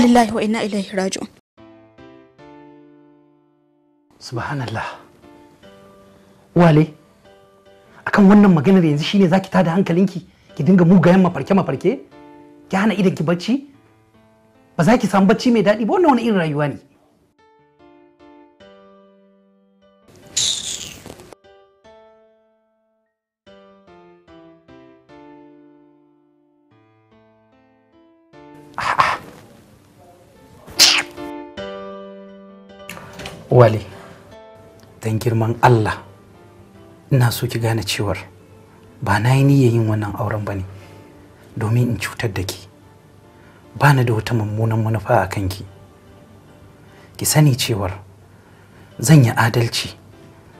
lillahi wa inna ilaihi raji'un subhanallah wale akan wannan maganar yanzu shine zaki tada hankalinki ki dinga mugayen mafarke mafarke ki hana idan ki bacci ba za ki samu bacci mai daɗi ba wannan wani irin rayuwa ne wale don girman allah ina so ki gane cewar ba na yi niyyar yin wannan auren ba ne domin in cutar da ki ba ni da wata mummunan manufa a kanki ki sani cewar zan yi adalci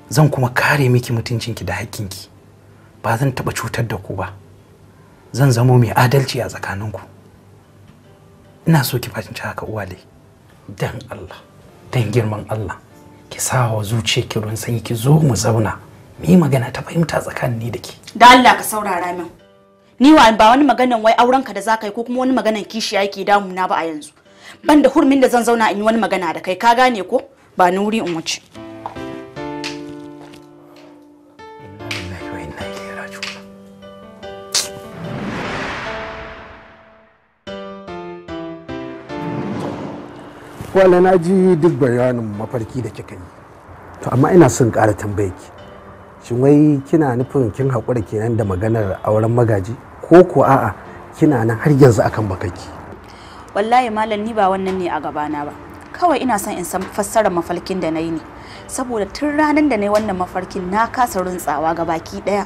zan kuma kare miki mutuncinki da haƙƙinki ba zan taɓa cutar da ku ba zan zamo mai adalci a tsakaninku ina so ki fahimci haka uwale dan Allah dan girman Allah ki sa wa zuciya ki ruwan sanyi ki zo mu zauna mu yi magana ta fahimta tsakanin ni da ke da Allah ka saurara min ni wa ba wani maganan wai auren ka da zaka yi ko kuma wani maganan kishi yake damu na ba a yanzu ban da hurmin da zan zauna in yi wani magana da kai ka gane ko ba ni wuri in wuce wala na ji duk bayanin mafarki da kika yi to amma ina son ƙara tambaye ki shin wai kina nufin kin haƙura kenan da maganar auren magaji ko ko a'a kina nan har yanzu akan bakaki wallahi malam ni ba wannan ne a gabana ba kawai ina son in san fassarar mafarkin da na yi ne saboda tun ranar da na yi wannan mafarkin na kasa runtsawa ga baki ɗaya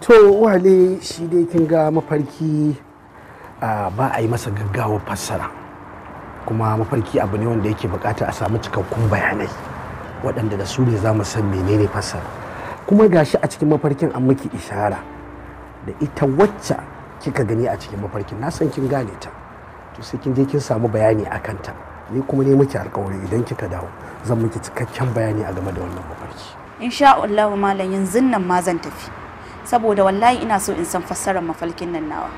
to wale shi dai kin ga mafarki ah, ba a yi masa gaggawar fassara kuma mafarki abu ne wanda yake bukata a samu cikakkun bayanai waɗanda da su ne za mu san menene fassara kuma gashi a cikin mafarkin an miki ishara da ita wacce kika gani a cikin mafarkin na san kin gane ta to sai kin je kin samu bayani a kanta ni kuma ne miki alkawari idan kika dawo zan miki cikakken bayani a game da wannan mafarki insha Allah malam yanzu nan ma zan tafi saboda wallahi ina so in san fassarar mafarkin nan nawa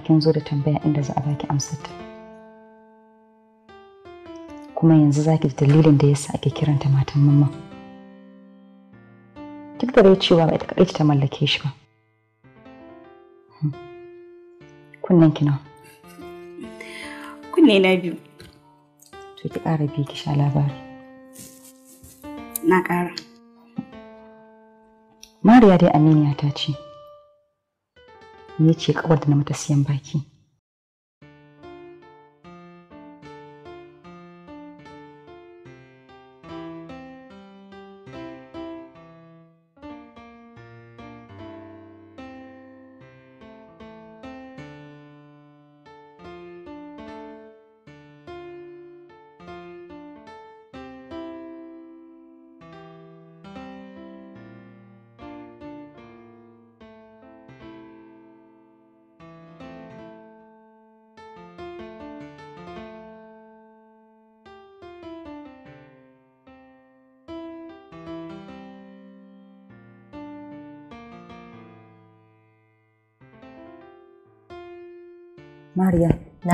kin zo da tambaya inda za a baki amsar ta. kuma yanzu za ki dalilin da yasa ake kiranta matan mamma duk da dai cewa ba ita ta mallake shi ba hmm. kunnen ki nawa kunne na biyu to ki ƙara biyu ki sha labari na ƙara mariya dai aminiya ta ce ne ce kawar da na mata siyan baki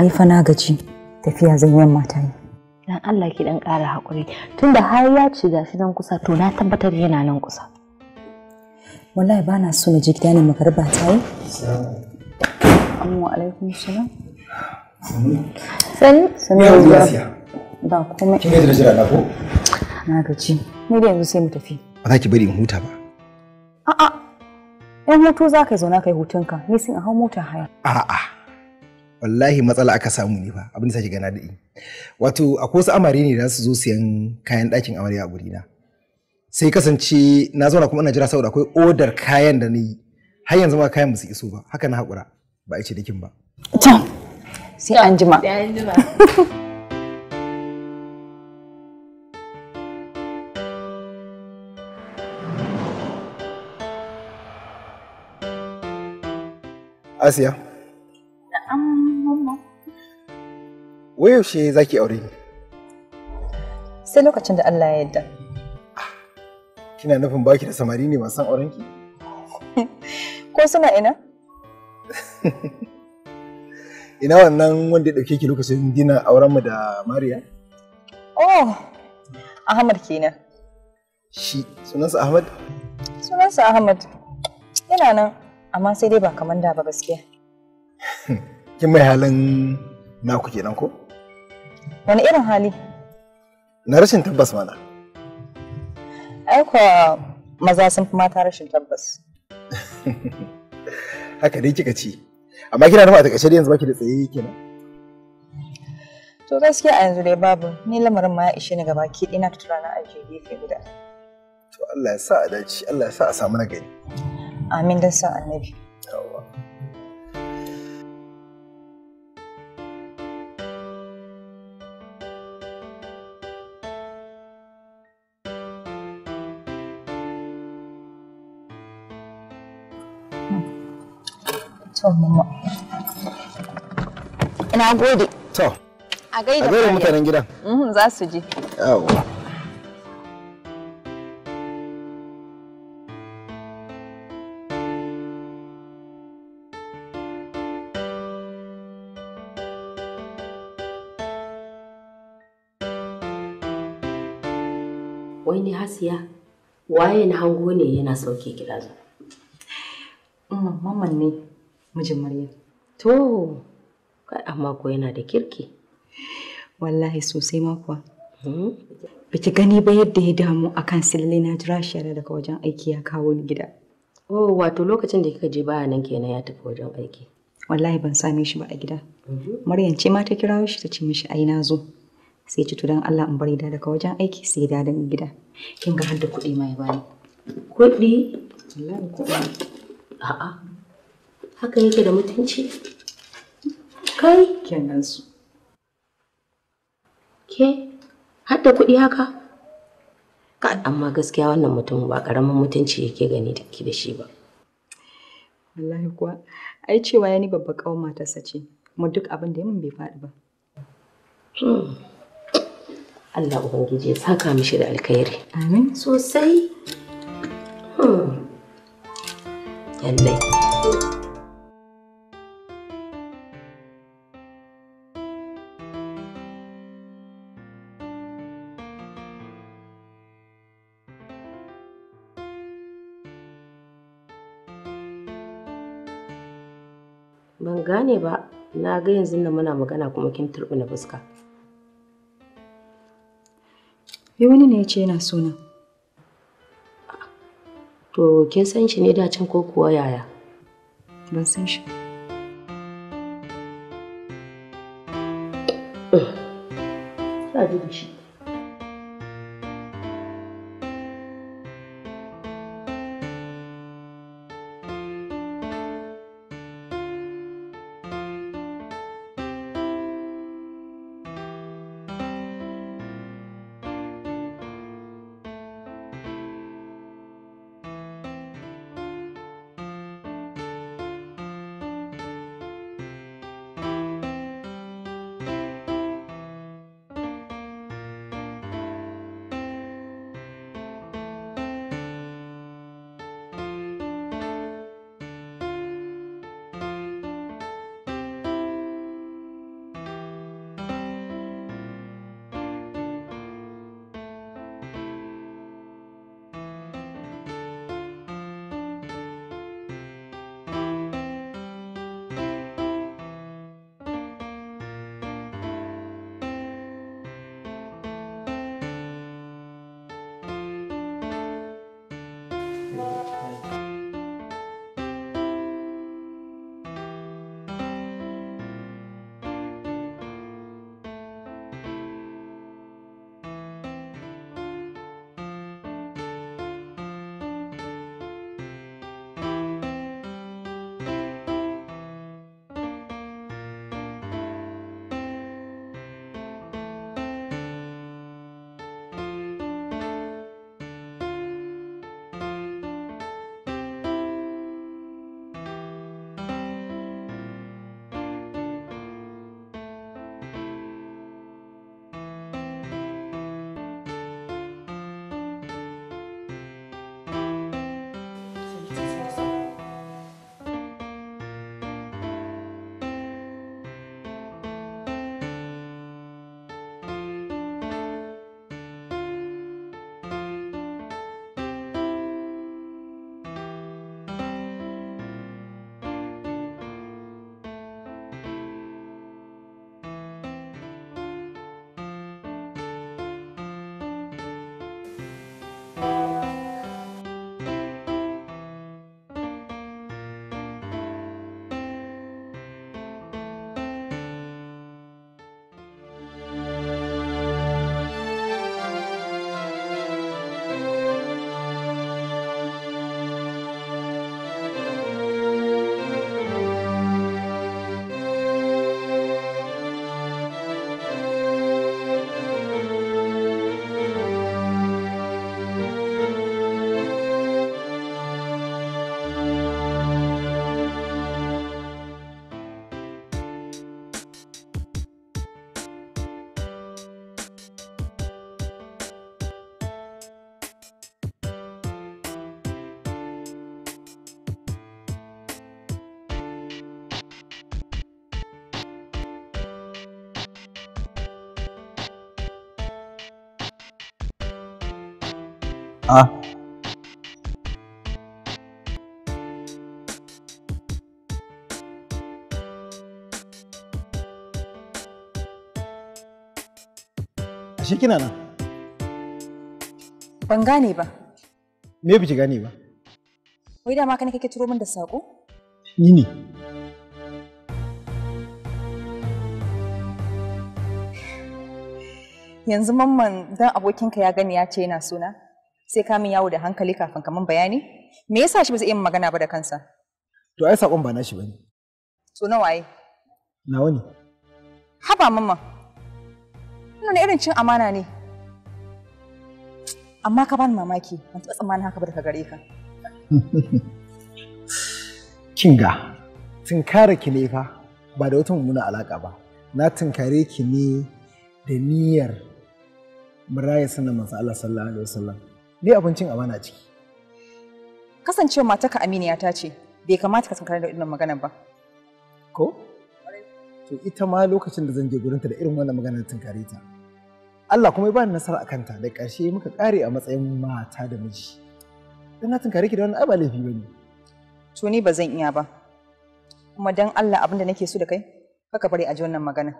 Ni fa na gaji tafiya zan yamma ta yi. Dan Allah ki dan ƙara haƙuri tunda har ya ce gashi nan kusa to na tabbatar yana nan kusa. Wallahi ba na so na ji gidan ne ta yi. Assalamu alaikum salam. Sani. Sani. Ba komai. Kin gaji da jira na ko? Na gaji. Ni da yanzu sai mu tafi. Ba za ki bari in huta ba. A'a. Yan hutu za ka zauna kai hutunka, ni sun a hau mota haya. A'a. wallahi matsala aka samu ne fa abin da sake gana daɗi wato akwai wasu amare ne da su zo siyan kayan ɗakin amarya a gurina sai kasance na zauna kuma ina jira saboda akwai odar kayan da na yi har yanzu ma kayan ba su iso ba haka na hakura ba a ce dakin ba. sai an jima. Asiya. yaushe za ki aure ni? Sai lokacin da Allah ya yarda. Ah, kina nufin ba ki da samari ne masu auren ki? Ko suna ina? ina wannan wanda ya ɗauke ki lokacin dina auren mu da Mariya? Oh, Ahmad kenan. Shi sunansa Ahmad? Sunansa Ahmad. Yana nan, amma sai dai ba kamar da ba gaskiya. Kin mai halin naku kenan ko? Wani irin hali? Na rashin tabbas mana. Aiko maza sun fi mata rashin tabbas. Haka dai kika ci. Amma kina nufa a takaice yanzu baki da tsaye kenan. To gaskiya a yanzu dai babu ni lamarin ma ya ishe ni gaba ki ina ta aiki a gefe guda. To Allah ya sa a dace, Allah ya sa a samu nagari. Amin dan sa annabi. Yawwa. ina gode to a gaida mutanen gidan mhm, za su je yawa wai ni hasiya waye na hango ne yana sauke gidan? Mm, mamman ne mijin Maryam. To, kai amma ko yana da kirki. Wallahi sosai ma kuwa. Hmm? Biki gani ba yadda ya damu a kan sille na jira shara daga wajen aiki ya kawo ni gida. Oh, wato lokacin da kika je baya nan kenan ya tafi wajen aiki. Wallahi ban same shi ba a gida. Mhm. Maryam ce ma ta kira shi ta ce mishi ai na zo. Sai ci tudan Allah in bari da daga wajen aiki sai da da gida. Kin ga har da kuɗi mai bani. Kuɗi? Wallahi kuɗi. A'a. haka yake da mutunci kai kenan su ke hadda kuɗi haka ka amma gaskiya wannan mutum ba ƙaramin mutunci yake gani take da shi ba wallahi kuwa ai cewa ya ni babba ƙawar matarsa ce kuma duk abin da ya bai faɗi ba hmm. Allah Ubangiji ya saka mishi da alkhairi. Amin. Sosai. Hmm. gane ba na ga yanzu nan muna magana kuma kin na fuska yi wani ne ya ce yana suna to kin san shi ne da can ko kuwa yaya ban san shi ji da shi Ah. Ashe kina nan? Ban gane ba. Me ba ki gane ba? Wai dama ka ne kake turo min da saƙo? Ni ne. Yanzu mamman don abokinka ya gani ya ce yana suna? sai ka min yawo da hankali kafin kamar bayani me yasa shi ba zai iya magana ba da kansa to ai sakon ba nashi bane so na waye nawa ne haba mamma wannan irin cin amana ne amma ka bani mamaki ban taɓa tsammanin haka ba daga gare ka kinga tunkara ki ne fa ba da wata mummuna alaka ba na tunkare ki ne da niyyar ya sanar manzo Allah sallallahu alaihi wasallam ni abincin amana ciki kasancewa mataka aminiya ta ce bai kamata ka sankarar da irin maganar ba ko to ita ma lokacin da zan je gurinta da irin wannan maganar tunkare ta Allah kuma ya bani nasara a kanta da ƙarshe muka ƙare a matsayin mata da miji dan na tunkare ki da wannan ba fi bane to ni ba zan iya ba kuma dan Allah abin da nake so da kai kaka bari a ji wannan magana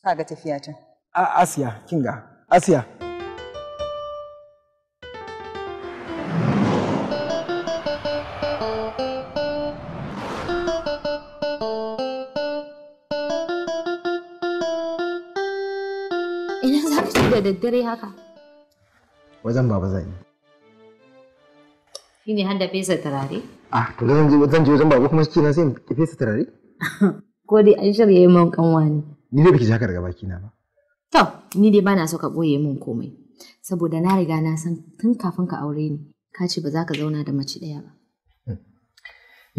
ka ga tafiya ta a Asiya kinga Asiya wajen baba zan yi shine har da fesa turare ah to zan je zan je wajen baba kuma shi sai in fesa turare ko dai an shirya yi man kanwa ne ni dai baki jaka daga baki na ba to ni dai bana so ka boye min komai saboda na riga na san tun kafin ka aure ni ka ce ba za ka zauna da mace ɗaya ba hmm.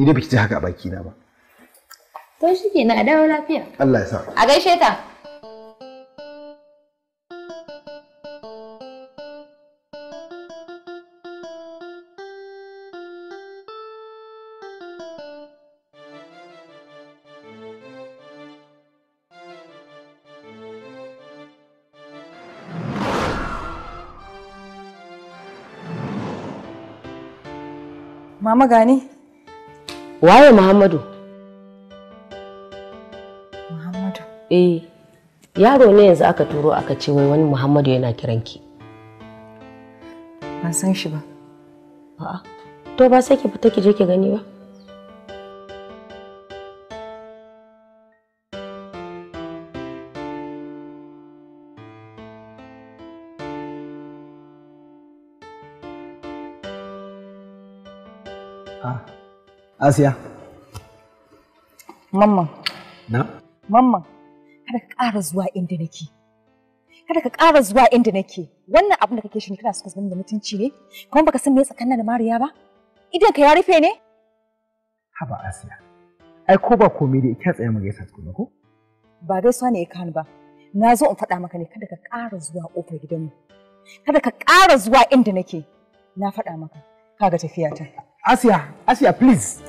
ni dai baki jaka haka a baki na ba to shikenan a dawo lafiya Allah ya sa a gaishe ta Mama gani? Waye Muhammadu? Muhammadu. Eh. Yaro ne yanzu aka turo aka ce wai wani Muhammadu yana kiranki. Ban san shi ba. A'a. To ba sai ki fita ki je ki gani ba. Asiya. Mamman. Na? Mamman, kada ka ƙara zuwa inda nake. Kada ka ƙara zuwa inda nake. Wannan abin da kake shi kana suka zama da mutunci ne? Kuma baka san me tsakanin da Mariya ba? Idan ka ya rufe ne? Haba Asiya. Ai ko ba komai da ita tsaye mu gaisa tukuna ko? Ba gaisuwa ne ka kan ba. Na zo in faɗa maka ne kada ka ƙara zuwa ƙofar gidanmu. Kada ka ƙara zuwa inda nake. Na faɗa maka. Kaga ta. Asiya, Asiya please.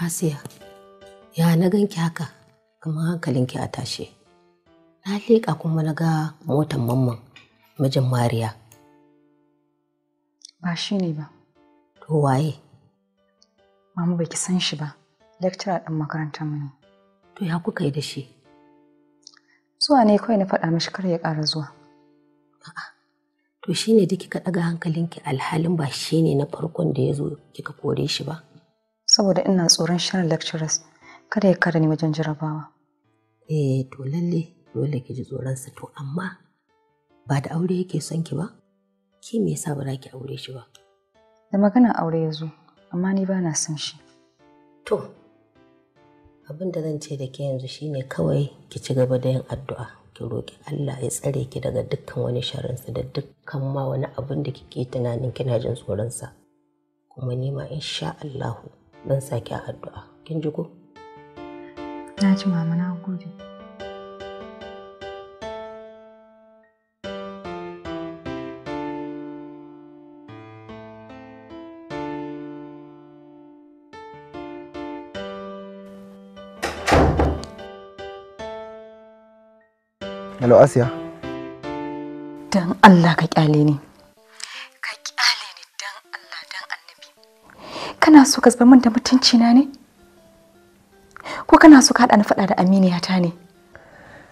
Asiya, ya na ganki haka, kamar hankalinki a tashe. Na leƙa kuma na ga motan mamman mijin Mariya. Ba shi ne ba. To waye? Mama baki san shi ba, lecturer ɗin makarantar mu ne. To ya kuka yi da shi? Zuwa ne kawai na faɗa mashi kar ya ƙara zuwa. A'a, to shi ne da kika ɗaga hankalinki alhalin ba shi ne na farkon da ya zo kika kore shi ba. saboda ina tsoron shirin lecturers kada ya kare ni wajen jarabawa. Eh to lalle dole ki ji tsoronsa to amma ba da aure yake son ki ba? Ki me yasa ba za ki aure shi ba? Da magana aure ya zo amma ni ba na son shi. To abin da zan ce da ke yanzu shine kawai ki ci gaba da yin addu'a. ki roƙi Allah ya tsare ki daga dukkan wani sharinsa da dukkan ma wani abin da kike tunanin kina jin tsoronsa. Kuma nima insha Allahu zan sake addu'a kin ji ko na ci mama na gode Hello Asiya. Dan Allah ka kyale ni. kana so ka zama da mutunci na ne ko kana so ka haɗa ni faɗa da aminiyata ne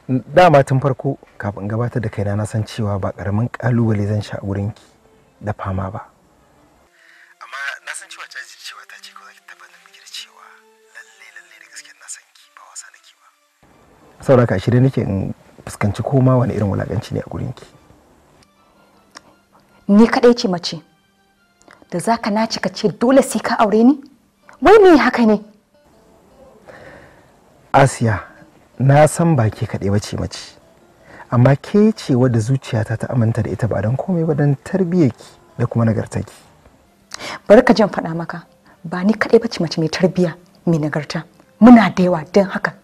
dama tun farko kafin gabatar da kaina na san cewa ba karamin kalubale zan sha wurin ki da fama ba amma na san cewa ta cewa ta ce ko za ki tabbatar miki da cewa lalle lalle da gaske na san ki ba wasa nake ba saboda ka shirye nake in fuskanci koma wani irin wulakanci ne a gurin ki ni kadai ce mace da za ka naci ka ce dole sai ka aure ni wai me haka ne asiya na san ba ke kaɗai bace mace amma ke ce wadda zuciyata ta aminta da ita ba don komai ba don tarbiyyarki da kuma nagartaki bari ka jan faɗa maka ba ni kaɗai bace mace mai tarbiyya mai nagarta muna da yawa don haka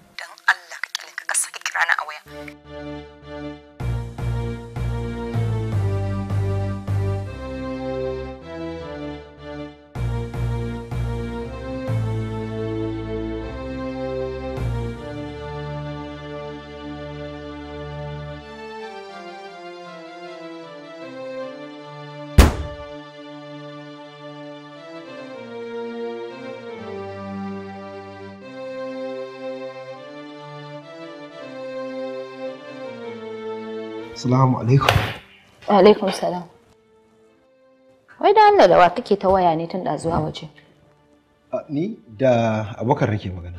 Assalamu alaikum. Wa alaikum salam. Wai da Allah da wa kake ta waya ne tun ɗazu a waje? Ni da abokan nake magana.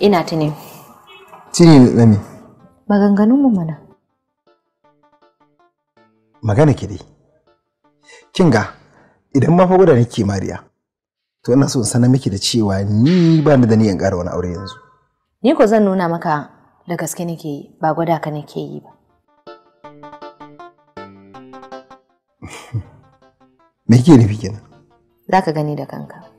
Ina tuni. Tuni da me? Maganganun mu mana. Magana ki dai. Kin ga idan ma fa guda nake Mariya. To ina so in sanar miki da cewa ni ba ni da niyan ƙara wani aure yanzu. Ni ko zan nuna maka da gaske nake yi ba gwada ka nake yi ba. Me kike nufi kenan? Za ka gani da kanka.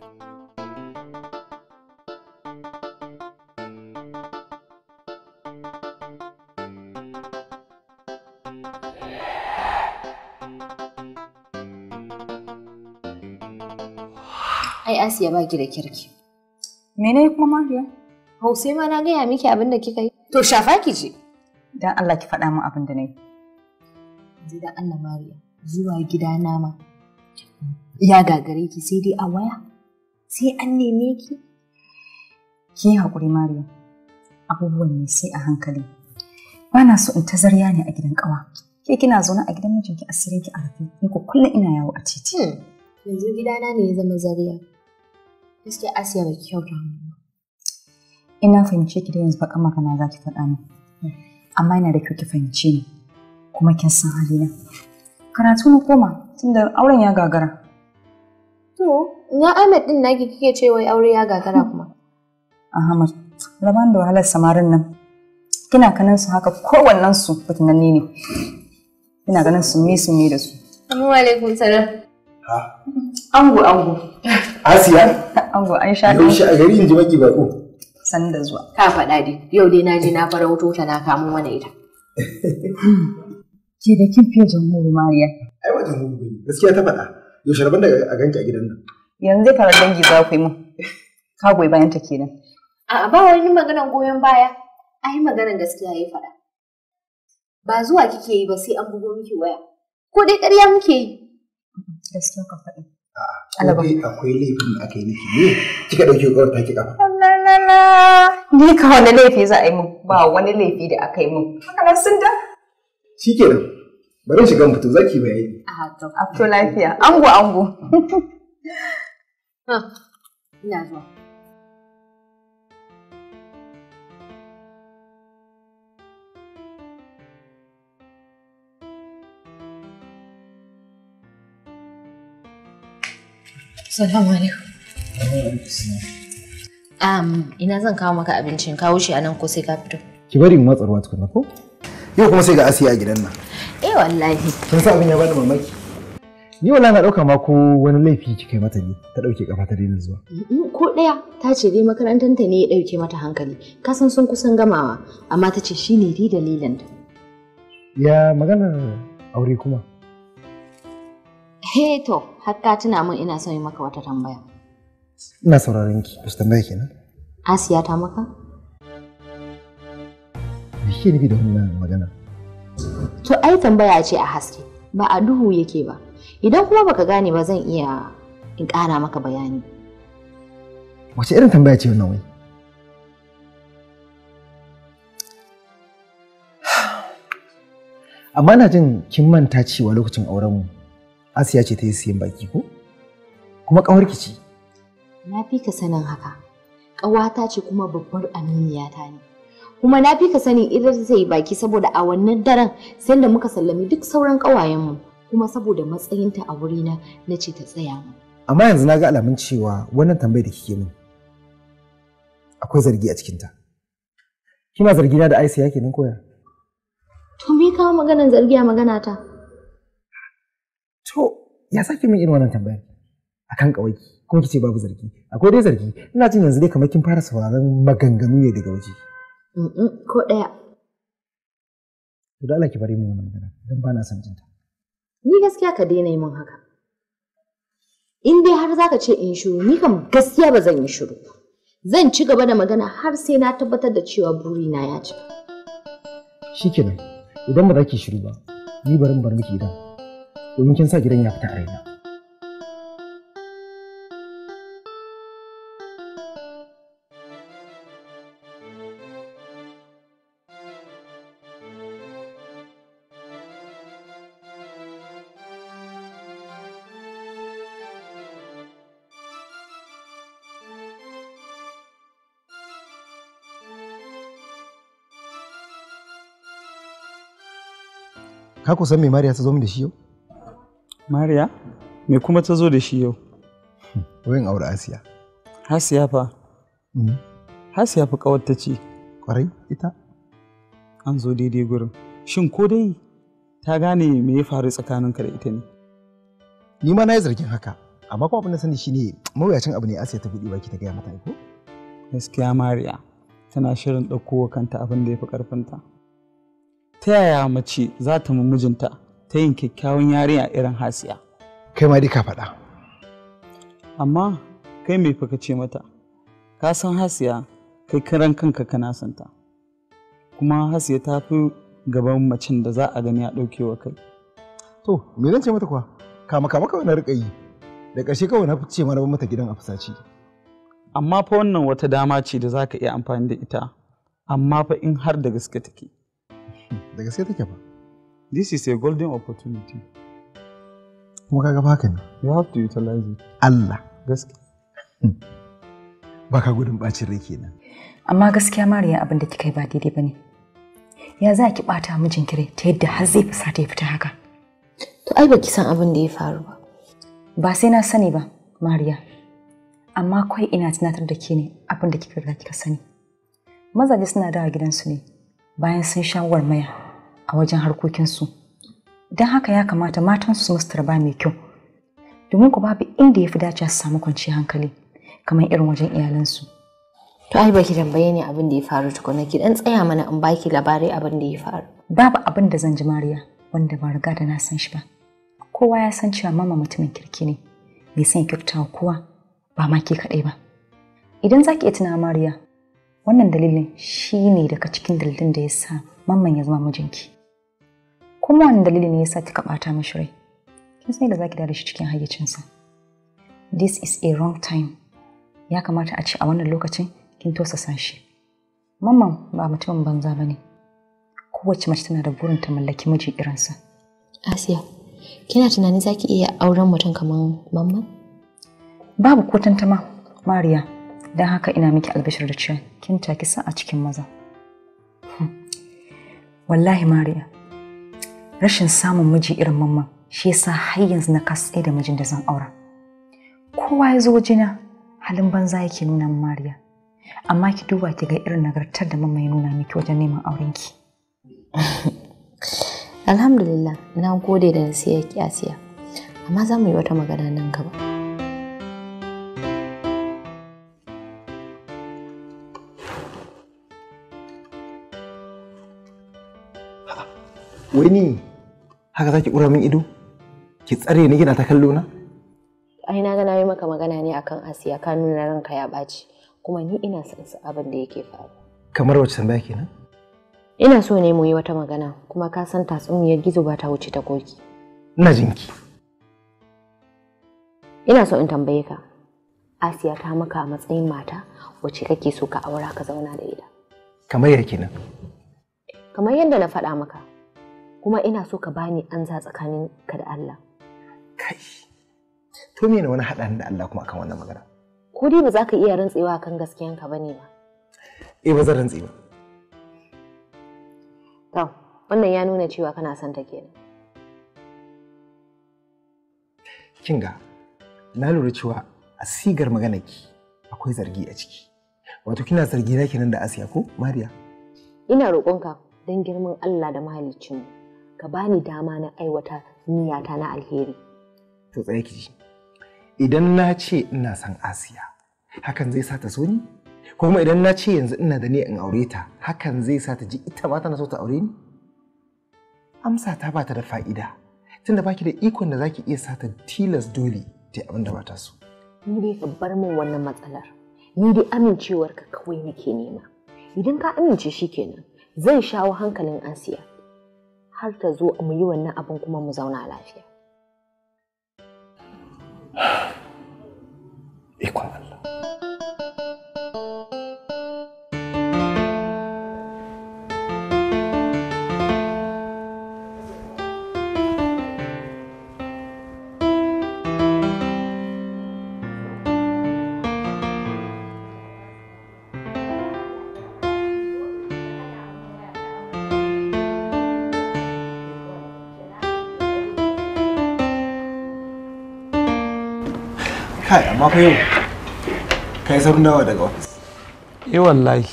Ai Asiya ba ki da kirki. Mene kuma Mariya? Hausai ma na gaya miki abin da kika yi. To shafa ki je. Dan Allah ki faɗa min abin da na yi. Yanzu dan Allah Mariya zuwa gida na ma. Ya gagare ki sai dai a waya. Sai an neme ki. Ki haƙuri Mariya. Abubuwan ne sai a hankali. Ba na so in ta zarya ne a gidan ƙawa. ke kina zaune a gidan mijinki a sire ki a rufe ni ko kullum ina yawo a titi hmm. yanzu gidana ne ya zama zariya gaskiya asiya ba ki kyauta ina fahimce ki da yanzu bakan magana za ki faɗa min amma yana da kyau ki fahimce ni kuma kin san halina karatu na koma tunda auren ya gagara to na Ahmed din naki kike ce wai aure ya gagara kuma Ahmad laban da wahalar samarin nan kina kanan su haka kowannen su fitinanni ne ina ganin sumi sumi da su assalamu alaikum Ha? ango ango asiya ango an sha yau shi a gari yin ji maki bako san da zuwa ka faɗa dai yau dai na je na farauto ta na kamo mana ita ke da kin fiye jamhuri mariya ai ba jamhuri bane gaskiya ta faɗa yau sharban da a ganki a gidan nan yanzu fara dangi za ku yi mun ka goyi bayan ta kenan a ba wani maganar goyon baya ai maganar gaskiya yayi faɗa ba zuwa kike yi ba sai an bugo miki waya ko dai ƙarya muke yi gaskiya ka faɗi alaba akwai laifin da aka yi miki ne kika dauke kawar ta kika la la la ni ka wani laifi za a yi min ba wani laifi da aka yi min haka sun da shikenan bari shi shiga mutum zaki bayani a to lafiya ango ango ah, ina zuwa Salamu alaikum. ina zan kawo maka abincin kawo shi a nan ko sai ka fito. Ki bari in matsarwa ruwa tukunna ko? Yau kuma sai ga Asiya a gidan nan. Eh wallahi. Kin sa abin ya bani mamaki. Ni wallahi na dauka mako wani laifi ki kai mata ne ta dauke kafa ta daina zuwa. Mm, ko daya ta ce dai makarantar ta ne ya dauke mata hankali. Ka san sun kusan gamawa amma ta ce shine dai dalilin ta. Ya maganar aure kuma. Hey, to har ka tuna min ina son yi maka wata tambaya. Ina sauraron ki, ba su tambaya kenan. Asiya ta maka? Me shi ne da wannan magana? To ai tambaya ce a haske, ba a duhu yake ba. Idan kuma baka gane ba zan iya in ƙara maka bayani. Wace irin tambaya ce wannan wai? Amma na jin kin manta cewa lokacin aurenmu Asiya ce ta yi siyan baki ko? Kuma ƙawarki ce. Na fi ka sanin haka. Ƙawata ce kuma babbar aminiyata ne. Kuma na fi ka sanin idan ta yi baki saboda a wannan daren sai da muka sallami duk sauran ƙawayenmu. Kuma saboda matsayinta a wurina na ce ta tsaya mu. Amma yanzu na ga alamun cewa wannan tambayar da kike min akwai zargi a cikinta. Kina zargina da Aisha yake nan koya? To me kawo maganar zargi a magana ta? to ya sake min irin wannan tambayar A kan kawai kuma kice babu zargi akwai dai zargi ina jin yanzu dai kamar kin fara sauraron maganganu ne daga waje ko daya to Allah ki bari mu wannan magana dan ba na son ta. ni gaskiya ka daina yi min haka in dai har zaka ce in shiru ni kam gaskiya ba zan yi shiru zan ci gaba da magana har sai na tabbatar da cewa burina ya cika shikenan idan ba za ki shiru ba ni barin bar miki idan domin kin sa gidan ya fita a raina ka kusan mai Mariya ta zo min da shi yau? Mariya? Me kuma ta zo da shi yau? Wayan aure Asiya. Asiya fa? Mm. Asiya fa kawar ta ce. Kwarai ita? An zo daidai gurin. Shin ko dai ta gane me ya faru tsakanin ka da ita ne? Ni ma na yi zargin haka. Amma kuma abin da sani shine mawuyacin abu ne Asiya ta buɗe baki ta gaya mata ko? Gaskiya Mariya tana shirin ɗauko wa kanta abin da ya fi ƙarfinta. Ta yaya mace za ta mijinta ta yin kyakkyawan yarinya irin hasiya kai ma ka faɗa amma kai mai fa ce mata ka san hasiya kai karan kanka kana ta. kuma hasiya ta fi gaban macen da za a gani a ɗaukewa kai to me zan ce mata kuwa kama kama kawai na riƙa yi da ƙarshe kawai na ce mana mata gidan a fusaci amma fa wannan wata dama ce da za ka iya amfani da ita amma fa in har da gaske take da gaske take fa This is a golden opportunity. Kuma kaga baka ne. You have to utilize it. Allah. Gaskiya. Hmm. Baka gudun bacin rai kenan. Amma gaskiya Mariya abin da kika yi ba daidai bane. Ya za ki bata mijin kire ta yadda har zai fasa ta fita haka. To ai baki san abin da ya faru ba. Ba sai na sani ba, Mariya. Amma kai ina tunatar da ke ne abin da kika riga kika sani. Mazaje suna dawa gidansu ne bayan sun sha warmaya. a wajen harkokinsu don haka ya kamata matan su musu ba mai kyau domin ku babu inda ya fi dace su samu kwanciyar hankali kamar irin wajen iyalansu to ai baki tambaye ne abin da ya faru tukuna ki dan tsaya mana in baki labarai abin da ya faru babu abin da zan ji mariya wanda ba riga da na san shi ba kowa ya san cewa mama mutumin kirki ne bai san kyautawa kowa ba ma ke kaɗai ba idan za ki iya tuna mariya wannan dalilin shi ne daga cikin dalilin da ya sa mamman ya zama mijinki kuma wani dalili ne yasa kika bata mishi rai kin sai da zaki da shi cikin hayyacinsa this is a wrong time ya kamata a ce a wannan lokacin kin tosa shi mamman ba mutumin banza bane kowace mace tana da burin ta mallaki miji irinsa asiya kina tunanin zaki iya auren mutum kamar mamman babu ko tantama mariya don haka ina miki albishir da cewa kin taki sa a cikin maza hmm. wallahi mariya rashin samun miji irin mamma shi yasa har yanzu na kasa da mijin da zan aura kowa ya zo jina halin banza yake nuna mariya amma ki duba ki ga irin nagartar da mamman ya nuna miki wajen neman auren ki alhamdulillah na gode da nasiya ki asiya amma za mu yi wata magana nan gaba wani haka zaki ƙura min ido ki tsare ni gina ta kallo na ai na ga na yi maka magana ne akan asiya ka nuna ranka ya ɓaci kuma ni ina son su abin da yake faru kamar wacce tambaya kenan ina so ne mu yi wata magana kuma ka san tatsuniyar gizo ba ta wuce ta koki ina jinki ina so in tambaye ka asiya ta maka a matsayin mata wacce kake so ka aura ka zauna da ita kamar yadda kenan kamar yadda na faɗa maka kuma ina so ka bani an za tsakanin ka da Allah kai to me ne wani haɗa da Allah kuma akan wannan magana ko dai ba za ka iya rantsewa kan gaskiyanka ne ba eh ba zan rantse ba to wannan ya nuna cewa kana son ta kenan kinga na lura cewa a sigar magana ki akwai zargi a ciki wato kina zargi na kenan da Asiya ko Mariya ina roƙonka don girman Allah da mahaliccin mu ka bani dama na aiwata niyyata na alheri to tsaye ki idan na ce ina son asiya hakan zai sa ta so ni kuma idan na ce yanzu ina da ni in aure ta hakan zai sa ta ji ita ma tana so ta aure ni amsa ta bata da fa'ida tunda baki da ikon da zaki iya sa ta tilas dole ta abin da ba ta so ni dai ka bar min wannan matsalar ni dai amincewarka kawai nake nema idan ka amince shi kenan zan shawo hankalin asiya har ta zo mu yi wannan abin kuma mu zauna lafiya. Ikon amma eh, wallahi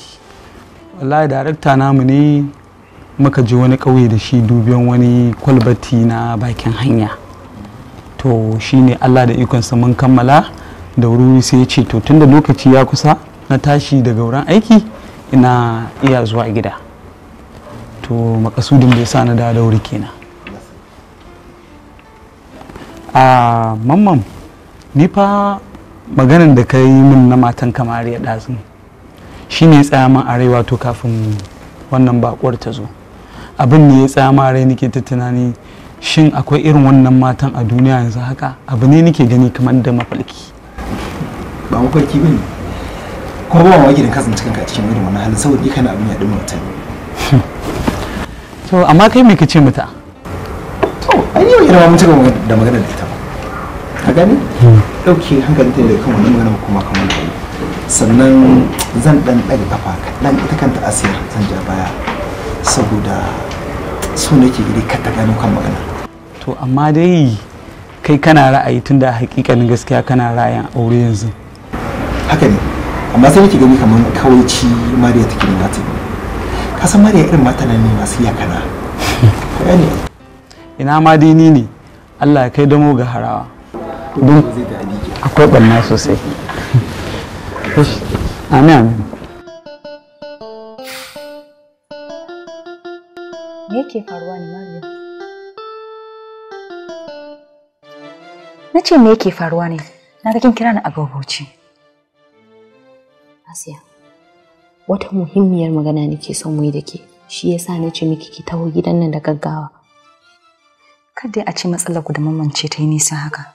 wallahi darakta namu ne muka je wani ƙauye da shi dubiyan wani kwalbati na bakin hanya to shine allah da ikonsa mun kammala da wuri sai ya ce to tunda lokaci ya kusa na tashi daga wurin aiki ina iya zuwa gida to makasudin bai sa na da wuri kenan a ah, mamman ni fa maganan da ka yi min na matan kamar ya ɗazin shi ne tsama a rai wato kafin wannan bakuwar ta zo abin ne ya tsaya ma rai nike ta tunani shin akwai irin wannan matan a duniya yanzu haka abu ne nike gani kamar da mafalki ba mafarki ba ne kuma ba wa da kasance kanka a cikin irin wannan halin saboda kana abin ya dima mutum to amma kai me kace mata to ai yau ina mun cika da magana da ita a gani hmm. ɗauke hankalinta ne kan wani magana kuma kan wani sannan zan ɗan ɗaga kafa kaɗan ita kanta asiyar zan ja baya saboda so nake gidi ka ta gano kan magana to amma dai kai kana ra'ayi tun da hakikanin gaskiya kana ra'ayin aure yanzu haka ne amma sai nake gani kamar kawaici mariya take da nata ka san mariya irin mata nan ne masu yakana ina ma dai ni ne allah ya kai damo ga harawa don akwai ɓanna sosai amin me yake faruwa ne Na ce me ke faruwa ne? Na ga kin kira ni a Asiya, wata muhimmiyar magana nake son mu yi da ke, shi yasa na ce miki ki taho gidan nan da gaggawa. Kada a ce matsalar ku da mamance ta yi nisa haka.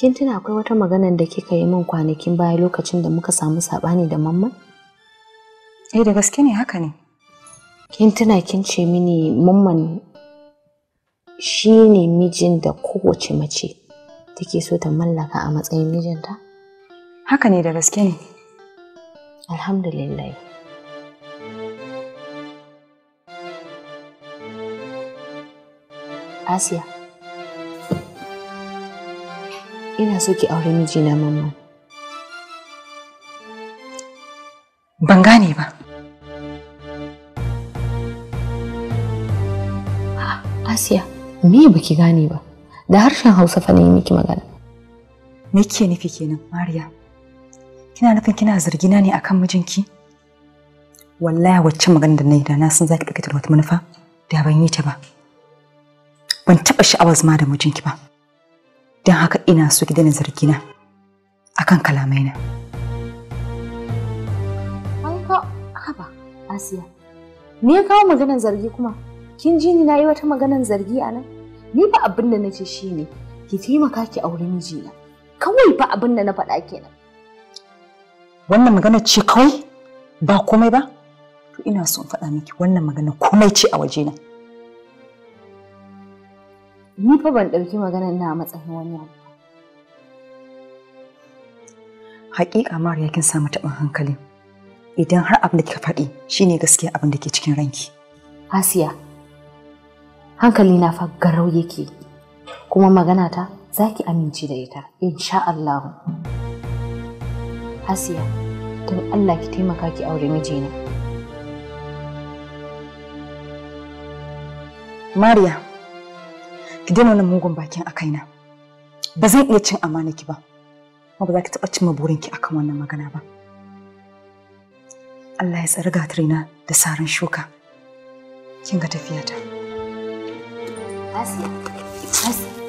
kin tuna akwai wata maganar da kika yi min kwanakin baya lokacin da muka samu sabani da mamman? Eh da gaske ne haka ne. Kin tuna kin ce mini mamman shi ne mijin da kowace mace take so ta mallaka a matsayin mijinta? Haka ne da gaske ne. Alhamdulillah. Asiya. ina so ki aure mijina mamman. Ban gane ba. Asiya, me baki gane ba? Da harshen Hausa fa ne miki magana. Me ke nufi kenan, Mariya? Kina nufin kina zargina ne akan mijinki? Wallahi wacce magana da nayi da na san zaki dauke ta wata manufa da ban yi ta ba. Ban taba sha'awar zama da mijinki ba. don haka ina so ki daina zargina akan kalamaina. An ka haba Asiya, ne ya kawo maganar zargi kuma? Kin ji ni na yi wata maganar zargi a nan? Ni ba abin da na ce shi ne, ki taimaka ki aure mijina. Kawai ba abin da na faɗa kenan. Wannan magana ce kawai ba komai ba? To ina son faɗa miki wannan magana komai ce a waje na. ni fa ban ɗauki maganar na matsayin wani abu. Hakika Mariya kin samu taɓin hankali. Idan har abin da kika faɗi shine gaskiya abin da ke cikin ranki. Asiya, hankali na fa garau yake kuma magana ta za ki amince da ita insha Allah. Asiya, don Allah ki taimaka ki aure mijina. Mariya, ki daina wannan mugun bakin a kaina ba zan iya cin amana ki ba kuma ba za ki taɓa cimma burinki akan wannan magana ba Allah ya tsari gatarina da saran shuka kin ga tafiyata Asiya Asiya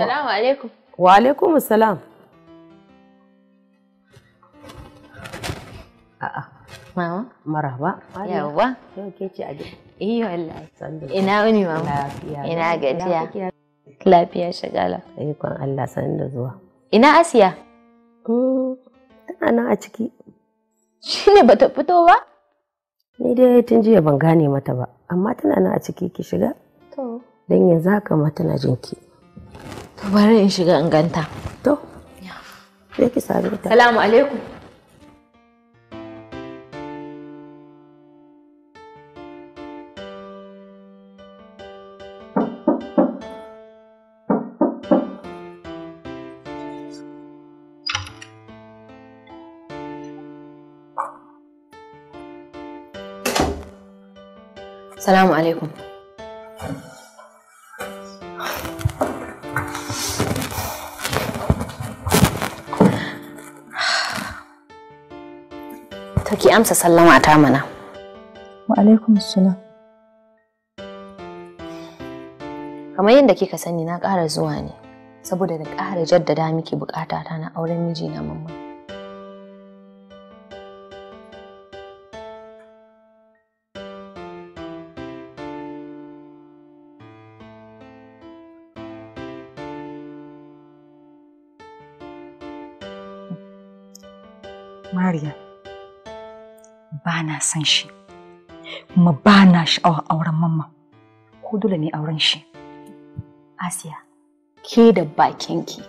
Salamu alaikum. Wa alaikum salam. A'a. a eh, Ina Ina gajiya. Lafiya shagala. Allah mm, a ciki. Shi ne bata fito ba? Ni dai tun jiya ban gane mata ba, amma tana nan a ciki ki shiga. To. Don yanzu haka ma tana jinki. bari in shiga in ganta. To. ya ki sami ta. Salamu alaikum. Salamu alaikum. amsa sallama ta mana wa alaikum salam kamar yadda kika sani na ƙara zuwa ne saboda da ƙara jaddada miki bukata ta na auren miji na mamman. Maria. Bana san son shi kuma bana sha'awar auren mamma ko dole ne auren shi asiya ke da bakinki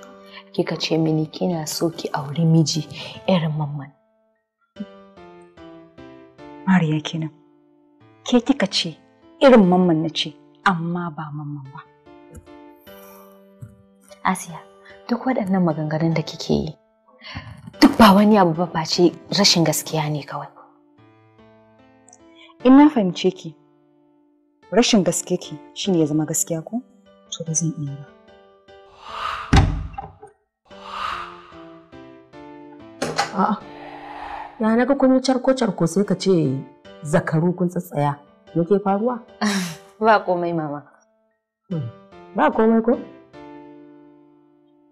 kika ce mini kina so ki auri miji irin mamman mariya kenan ke kika ce irin mamman na ce amma ba mamman ba asiya duk waɗannan maganganun da kike yi duk ba wani abu ba ce rashin gaskiya ne kawai in na fahimce ki rashin gaske ki shine ya zama gaskiya ko to ba zan iya ba a'a ya na ga kun charko charko sai ka ce zakaru kun tsatsaya me ke faruwa ba komai mama hmm. ba komai ko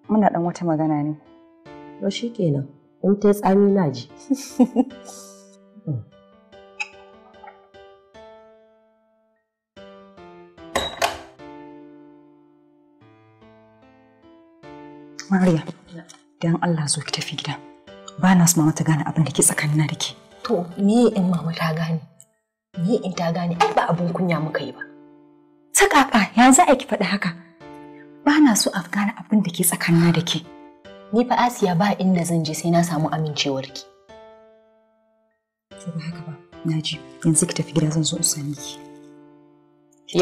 muna dan wata magana ne to shikenan in ta tsani na ji hmm. Mariya, don Allah zo ki tafi gida. Ba na mama ta gane abin da ke tsakanina da ke. To, me in mama ta gane? Me in ta gane? Ai ba abin kunya muka yi ba. Sakaka, ya za a ki faɗi haka? Ba na so a gane abin da ke tsakanina da ke. Ni fa Asiya ba inda zan je sai na samu amincewarki. To ba haka ba, na ji. Yanzu ki tafi gida zan zo in sani ki.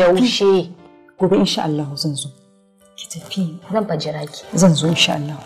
Yaushe. Gobe insha Allah zan zo. ki tafi zan fa ki zan zo insha Allah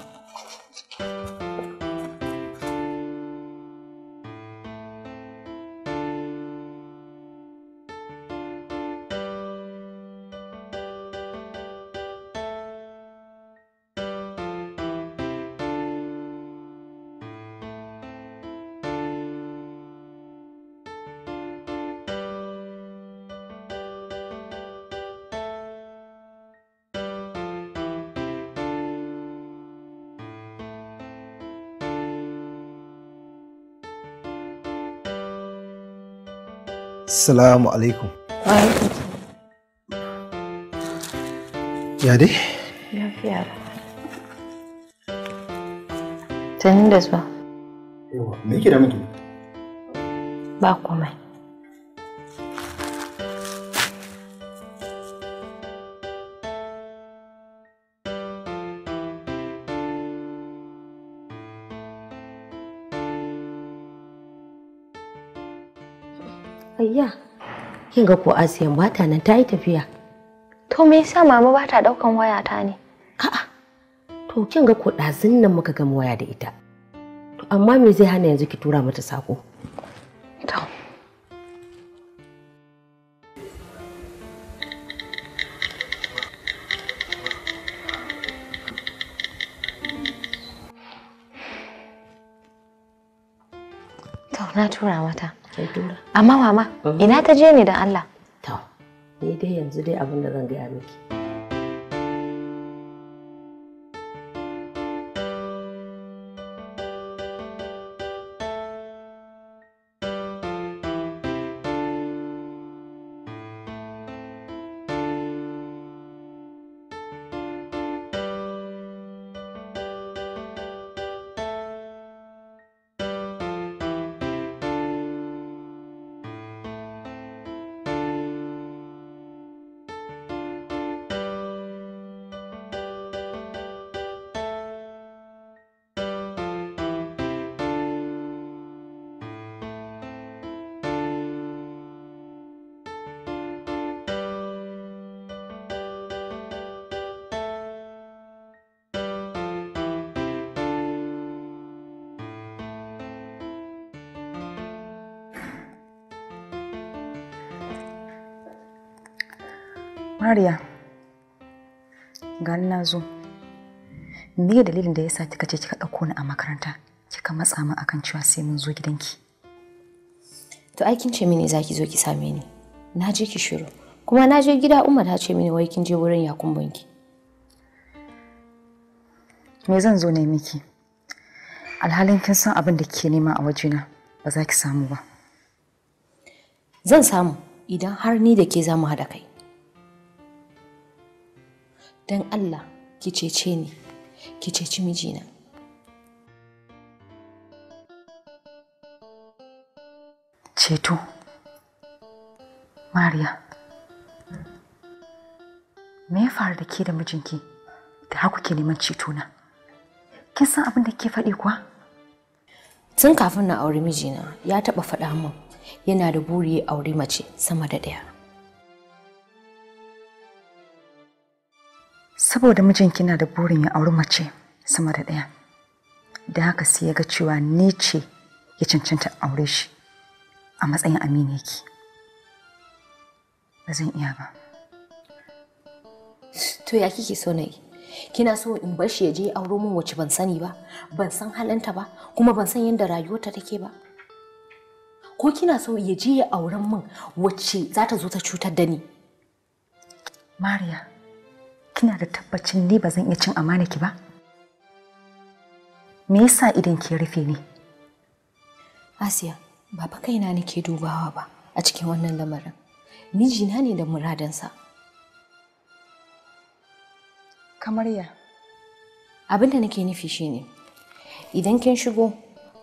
Assalamu alaikum. Ya dai? Lafiya. Tanin da zuwa. Yawa, me yake da miki? Ba komai. Ayya, kin ga ko Asiyan bata nan ta yi tafiya. To me yasa mama ba ta daukan wayata ne? A'a. To kin ga ko ɗazun nan muka gama waya da ita. To amma me zai hana yanzu ki tura mata sako? To. To na tura mata. Amma mama, ina ta je ne da Allah? To, ni dai yanzu dai abin da zan gaya miki. Mariya, gani na zo. ya dalilin da yasa kika ce kika ɗauko ni a makaranta? Kika matsa min akan cewa sai mun zo gidanki. To ai kin ce mini ki zo ki same ni. Na je ki shiru. Kuma na je gida Umar ta ce mini wai kin je wurin banki. Me zan zo ne miki? Alhalin kin san abin da kike nema a wajena ba za ki samu ba. Zan samu idan har ni da ke za mu haɗa kai. don Allah ki cece ni ki ceci mijina ceto mariya me ya faru da ke da mijinki da haku ke neman ceto na kin san abin da ke faɗi kuwa tun kafin na auri mijina ya taɓa faɗa min yana da buri ya auri mace sama da ɗaya saboda mijinki na da burin ya auri mace sama da ɗaya da haka sai ya ga cewa ni ce ya cancanta aure shi a matsayin amini yake ba zan iya ba to ya kike so na yi kina so in bar shi ya je auro min wacce ban sani ba ban san halinta ba kuma ban san yadda rayuwarta take ba ko kina so ya je ya auren min wacce za ta zo ta cutar da ni Mariya, kina da tabbacin ni ba zan iya cin amanaki ba me yasa idan ki rufe ni asiya ba fa kaina nake dubawa ba a cikin wannan lamarin mijina ne da muradansa kamar ya abin da nake nufi shine idan kin shigo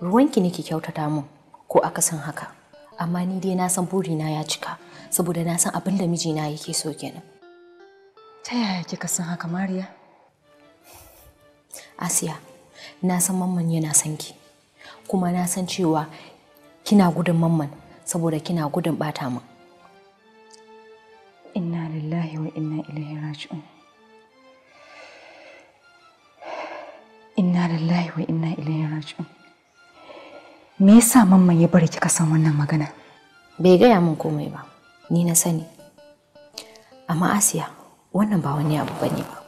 ruwanki ne ki kyautata mun ko akasin haka amma ni dai na san burina ya cika saboda na san abin da mijina yake so kenan Ta yaya kika san haka Mariya? Asiya, na san mamman yana san ki. Kuma na san cewa kina gudun mamman saboda kina gudun bata min. Inna lillahi wa inna ilaihi raji'un. Inna lillahi wa inna ilaihi raji'un. Me yasa mamman ya bari kika san wannan magana? Bai gaya min komai ba. Ni na sani. Amma Asiya, wannan ba wani abu bane ba